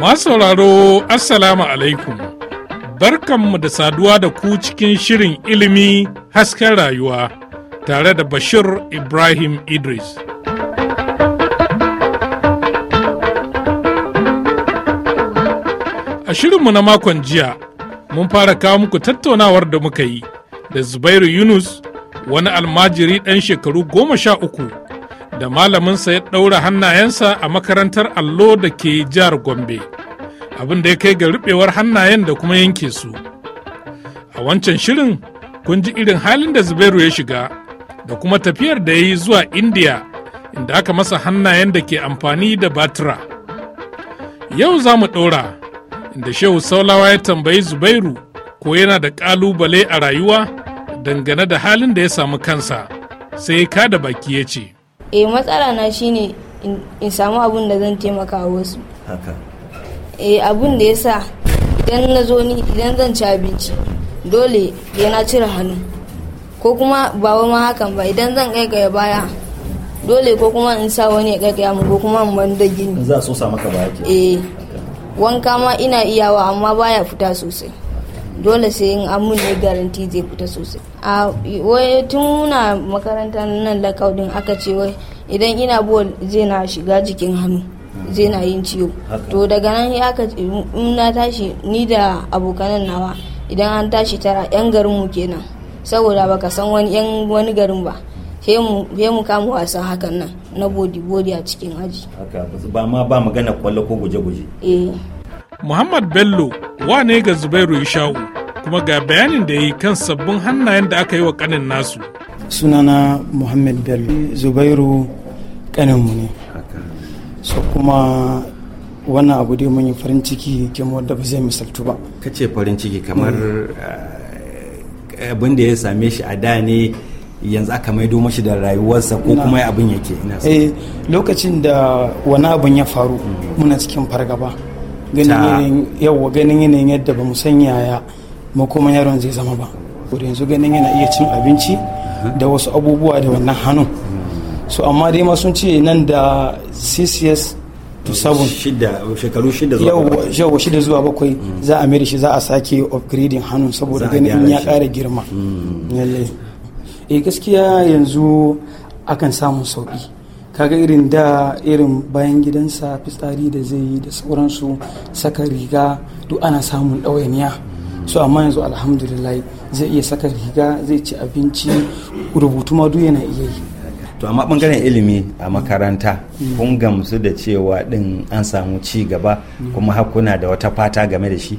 Masu sauraro Assalamu alaikum barkanmu da saduwa da ku cikin shirin ilimi hasken rayuwa tare da Bashir Ibrahim Idris. A shirinmu na makon jiya mun fara kawo muku tattaunawar da muka yi da Zubairu Yunus wani almajiri ɗan shekaru goma sha uku da malaminsa ya ɗaura hannayensa a makarantar allo da ke jihar gombe abin da ya kai ga rubewar hannayen da kuma yanke su a wancan shirin kun ji irin halin da zubairu ya shiga da kuma tafiyar da ya yi zuwa indiya inda aka masa hannayen da ke amfani da batira yau za mu ɗora inda shehu saulawa ya tambayi zubairu ko yana da ƙalubale a rayuwa dangane da halin da ya samu kansa sai ka da baki ya ce e matsala na shine in samu abun da zan taimaka wasu haka e abun da ya sa idan na zo ni idan zan ci abinci dole ya na cire hannu ko kuma ba ma hakan ba idan zan kaikaya baya dole ko kuma in sa wani ya kaikaya mu ko kuma in ban da gini za so sa maka baya eh, wanka ma ina iyawa amma baya fita sosai dole sai in amun ne garanti zai fita sosai a tun na makaranta nan lakaudin aka ce wai idan ina bol zai na shiga jikin hannu zai na yin ciwo to daga nan ya aka na tashi ni da abokanan nawa idan an tashi tara yan garin kenan saboda baka san wani yan wani garin ba sai mu kama wasan hakan nan na bodi bodi a cikin aji ba ma ba magana kwallo ko guje-guje eh Muhammad Bello wa ne ga Zubairu ishaku kuma ga bayanin da yi kan sabbin hannayen da aka yi wa kanin nasu sunana muhammad bello zubairu kaninmu ne so kuma wannan abu dai mun yi farin ciki kuma da ba zai misaltu ba ka ce farin ciki kamar mm. eh, abin da ya same shi a da ne yanzu aka maido mashi da rayuwarsa ko kuma ya abin yake eh lokacin da wani abin ya faru mm. muna cikin fargaba ganin yanayin yadda ba mu san yaya makoman yaron zai zama ba yanzu ganin yana iya cin abinci da wasu abubuwa da wannan hannu so amma dai ma sun ce nan da ccs to sabon shekaru shida zuwa yau shida zuwa bakwai mm. za a mere shi za a sake upgrading hannun saboda ganin in ya kara girma mm. eh gaskiya yanzu akan samu sauki kaga irin da irin bayan gidansa fitsari da zai yi da sauransu saka riga duk ana samun ɗawainiya so amma yanzu alhamdulillah zai iya saka riga zai ci abinci rubutu ma yana iya yi to amma bangaren ilimi a makaranta mm. kun gamsu da cewa din an samu ci gaba mm. kuma hakuna da wata fata game da shi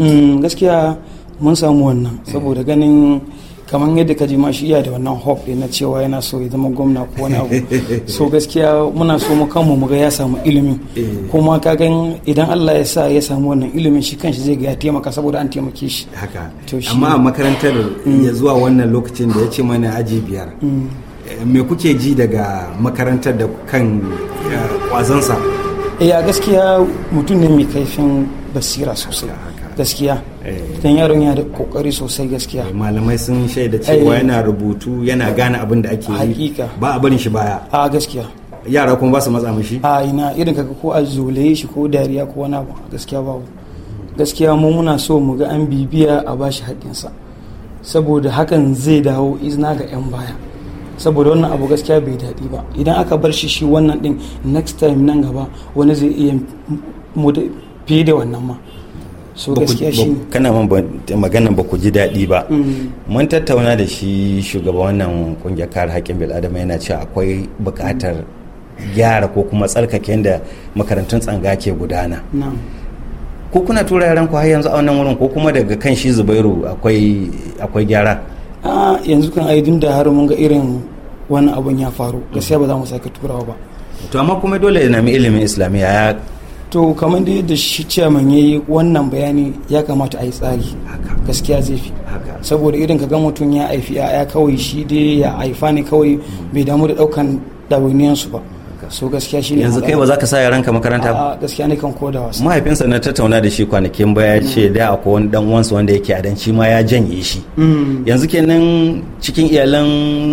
mm, gaskiya mun samu wannan saboda ganin kamar yadda ka ji ma shi iya da wannan ɗin na cewa yana so ya zama gwamna ko wani abu so gaskiya muna so mu kanmu mu ga ya samu ilimin eh. kuma ka gan idan Allah ya sa ya samu wannan ilimin shi kanshi zai ga ya taimaka saboda an taimake shi haka amma a makarantar mm. ya zuwa wannan lokacin da ya ce mana aji biyar mm. eh, me kuke ji daga makarantar da kan kwazansa eh, eh gaskiya mutum ne mai kaifin basira sosai gaskiya eh. don yaron yana da kokari sosai gaskiya eh, malamai sun shaida cewa eh. yana rubutu yana gane abin da ake yi ba a barin shi baya a gaskiya yara kuma ba su matsa mishi a ina irin kaga ko a zolaye shi ko dariya ko wani abu gaskiya babu gaskiya mu muna so mu ga an bibiya a bashi haƙƙinsa saboda hakan zai dawo izina ga 'yan baya saboda wannan abu gaskiya bai daɗi ba idan aka bar shi shi wannan ɗin next time nan gaba wani zai iya fiye da wannan ma so gaskiya shi kana man magana ba ku ji daɗi ba mm. mun tattauna da shi shugaban wannan kungiyar kare haƙƙin bil'adama yana cewa akwai buƙatar gyara ko kuma tsarkake da makarantun tsanga ke gudana ko kuna tura yaran ku har yanzu a wannan wurin ko kuma daga kan shi zubairu akwai akwai gyara a yanzu kan aidin da har mun ga irin wannan abun ya faru gaskiya ba za mu sake turawa ba to amma kuma dole na mi ilimin islamiyya ya to kamar da yadda shi ciyaman ya yi wannan bayani ya kamata a yi tsari gaskiya zai fi saboda irin ka ga mutum ya haifi ya kawai shi dai ya haifa ne kawai bai damu da daukan ɗawainiyarsu ba haka so gaskiya shi yanzu kai ba za ka sa yaranka makaranta ba gaskiya ne kan koda wasu mahaifinsa na tattauna da shi kwanakin baya ce da akwai wani dan uwansa wanda yake a dan ma ya janye shi mm. yanzu kenan cikin iyalan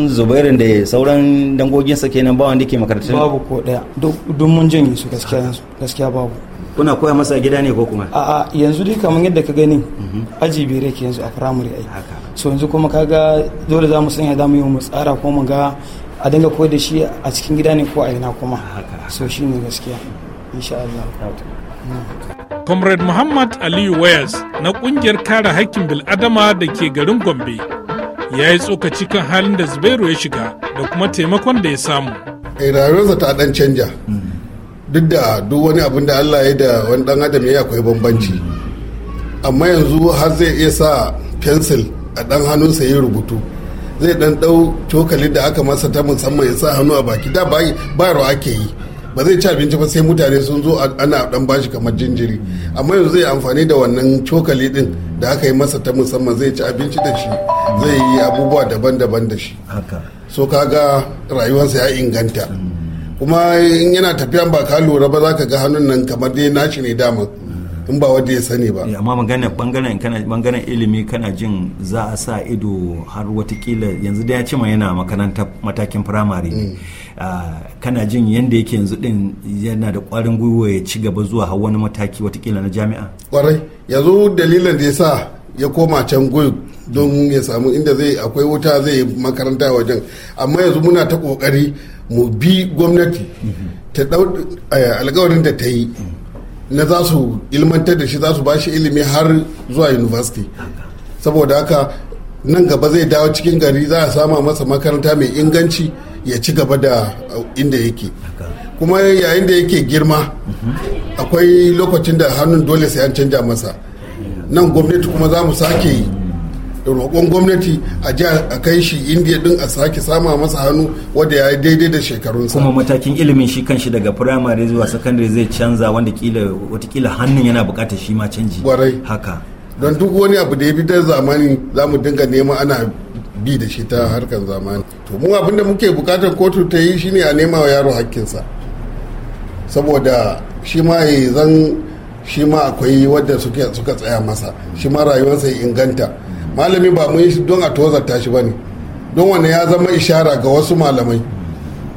zubairin da sauran dangoginsa kenan ba wanda ke makaranta. babu ko daya duk mun janye su gaskiya yanzu gaskiya babu kuna koya masa gida ne ko kuma a'a yanzu dai kamar yadda ka gani mm-hmm. aji bere ke yanzu a firamare ai so yanzu kuma kaga dole za mu sanya za mu yi mu tsara ko mu ga a dinga koyar da shi a cikin gida ne ko a ina kuma so shi ne gaskiya insha Allah Comrade Muhammad Aliyu Wayas na kungiyar kare haƙƙin bil'adama da ke garin Gombe ya yi tsokaci kan halin da Zubairu ya shiga da kuma taimakon da ya samu. Eh, rayuwarsa ta dan canja duk da duk wani abin da Allah ya da wani dan adam ya akwai bambanci amma yanzu har zai iya sa fensil a dan hannunsa ya rubutu zai dan dau cokali da aka masa ta musamman ya sa hannu a baki da bai bayarwa ake yi ba zai ci abinci ba sai mutane sun zo ana dan bashi kamar jinjiri amma yanzu zai amfani da wannan cokali din da aka yi masa ta musamman zai ci abinci da shi zai yi abubuwa daban-daban da shi so kaga rayuwarsa ya inganta kuma in yana tafiya ba ka lura ba za ka ga hannun nan kamar dai nashi ne dama in ba wanda ya sani ba eh, amma magana bangaren ilimi kana jin za a sa ido har watakila yanzu da ya ce ma yana makarantar matakin firamare mm. ah, kana jin yadda yake yanzu din yana da kwarin gwiwa ya ci gaba zuwa har wani mataki watakila na jami'a kwarai yanzu dalilin da ya sa ya koma can goyi don ya samu inda zai akwai wuta zai yi makaranta wajen amma yanzu muna ta kokari mu bi gwamnati mm-hmm. ta eh, alkawarin da ta yi mm. na za su ilmantar da shi za su ba shi ilimi har zuwa university saboda haka nan gaba zai dawo cikin gari za a sama masa makaranta mai inganci ya ci gaba da uh, inda yake kuma yayin da yake girma akwai lokacin da hannun dole sai an canja masa nan gwamnati kuma za mu sake da roƙon gwamnati a ji a kai shi indiya din a sake sama masa hannu wadda ya daidai da shekarunsa kuma matakin ilimin shi kanshi daga firamare zuwa sakandare zai canza wanda kila watakila hannun yana buƙatar shi ma canji haka don duk wani abu da ya fi ta zamani za mu dinga nema ana bi da shi ta harkar zamani to mu abin da muke bukatar kotu ta yi shine a nema wa yaro hakkinsa saboda shi ma ya zan shi ma akwai wadda suka tsaya masa shi ma rayuwarsa ya inganta malami ba mun yi don a tozarta shi ba ne don wanne ya zama ishara ga wasu malamai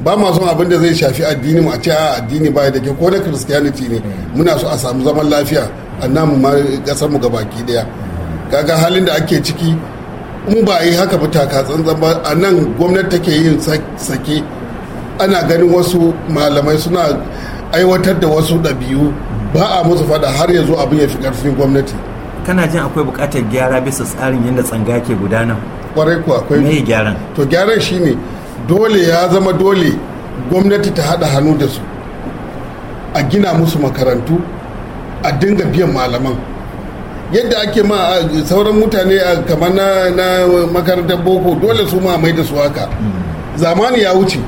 ba ma son abin da zai shafi addini mu a ce a addini ba da ke ko na christianity ne muna so a samu zaman lafiya a namu ma kasar mu gabaki daya kaga halin da ake ciki in ba yi haka ba taka tsantsan ba a nan gwamnati take yin sake ana ganin wasu malamai suna aiwatar da wasu dabi'u ba a musu fada har yanzu abin ya fi ƙarfin gwamnati kana jin akwai bukatar gyara bisa tsarin yadda tsanga ke gudana kwarai ku akwai mai gyaran to gyaran shine dole ya zama dole gwamnati ta hada hannu da su a gina musu makarantu a dinga biyan malaman yadda ake ma sauran mutane kamar na, na makarantar boko dole su ma mai da su haka mm. zamani ya wuce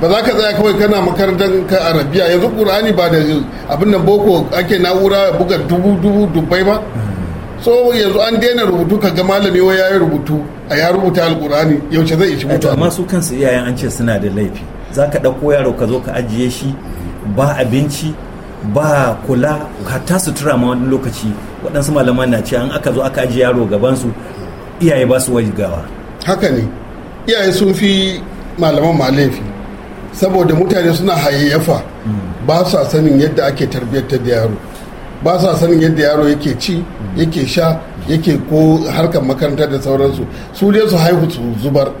ba za ka tsaya kawai kana makarantar ka arabiya yanzu ƙur'ani ba da abin boko ake na'ura buga dubu dubu dubbai ba mm. so yanzu an daina rubutu ka ga malami wa yayi rubutu a ya rubuta alkurani yaushe zai ci mutane amma su kansu iyayen an ce suna da laifi zaka ɗauko yaro ka zo ka ajiye shi ba abinci ba kula hatta sutura ma wani lokaci waɗansu malaman na ce an aka zo aka ajiye yaro gabansu iyaye ba su wajigawa haka ne iyaye sun fi malaman ma laifi saboda mutane suna hayayyafa mm. ba sa sanin yadda ake tarbiyyar da yaro ba sa sanin yadda yaro yake ci yake sha yake ko harkar makaranta da sauransu su dai su haihu su zubar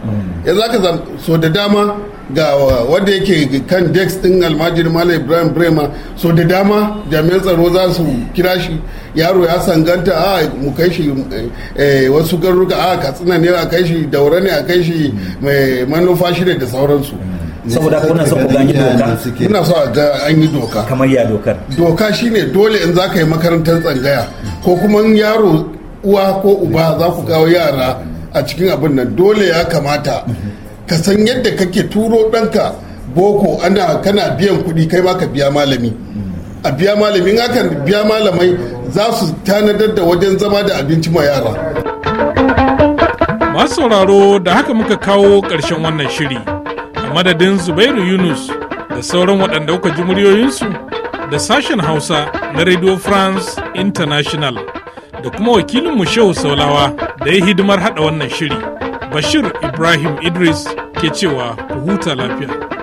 ya za ka so da dama ga wanda yake kan dex din almajiri malam ibrahim brema so da dama jami'an tsaro za su kira shi yaro ya sanganta a mu kai shi eh, eh, wasu garuruka a katsina ne a kai shi daura ne a kai shi mai manufa shida da sauransu saboda kuna so ku gani doka ina so a ga an yi doka kamar ya dokar doka shine dole in za ka yi makarantar tsangaya ko kuma yaro uwa ko uba za ku kawo yara a cikin abin nan dole ya kamata ka san yadda kake turo ɗanka boko ana kana biyan kuɗi kai ma ka biya malami a biya malami in aka biya malamai za su tanadar da wajen zama da abinci ma yara masu sauraro da haka muka kawo ƙarshen wannan shiri madadin zubairu yunus da sauran waɗanda kuka ji muryoyinsu da sashen hausa na radio france international da kuma wakilinmu shehu saulawa da ya hidimar haɗa wannan shiri bashir ibrahim idris ke cewa ku huta lafiya